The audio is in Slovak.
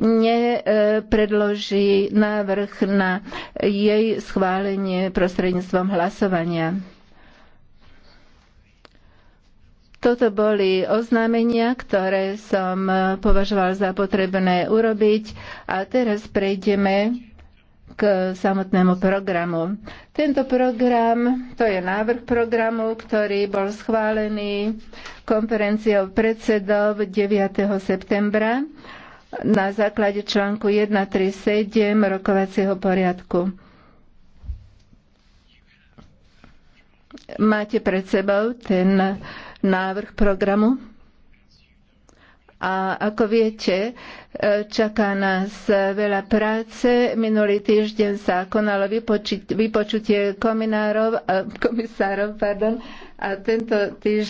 nepredloží návrh na jej schválenie prostredníctvom hlasovania. Toto boli oznámenia, ktoré som považoval za potrebné urobiť a teraz prejdeme k samotnému programu. Tento program, to je návrh programu, ktorý bol schválený konferenciou predsedov 9. septembra na základe článku 137 rokovacieho poriadku. Máte pred sebou ten návrh programu. A ako viete, čaká nás veľa práce. Minulý týždeň sa konalo vypočutie eh, komisárov pardon, a tento týždeň